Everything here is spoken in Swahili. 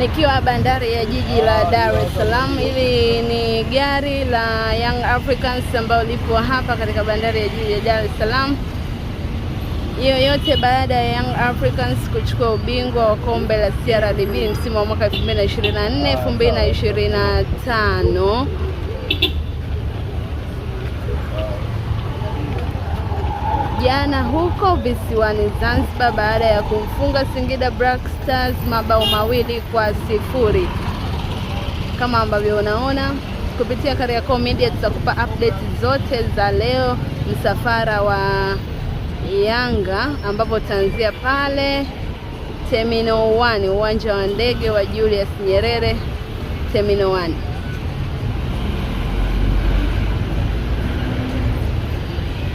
nikiwa bandari ya jiji la Dar es Salaam. Hili ni gari la Young Africans ambayo lipo hapa katika bandari ya jiji ya Dar es Salaam. Hiyo yote baada ya Young Africans kuchukua ubingwa wa kombe la CRDB msimu wa mwaka 2024 2025. jana huko visiwani Zanzibar baada ya kumfunga Singida Black Stars mabao mawili kwa sifuri. Kama ambavyo unaona kupitia Kariakoo Media tutakupa update zote za leo, msafara wa Yanga ambapo utaanzia pale Terminal 1 uwanja wa ndege wa Julius Nyerere Terminal 1.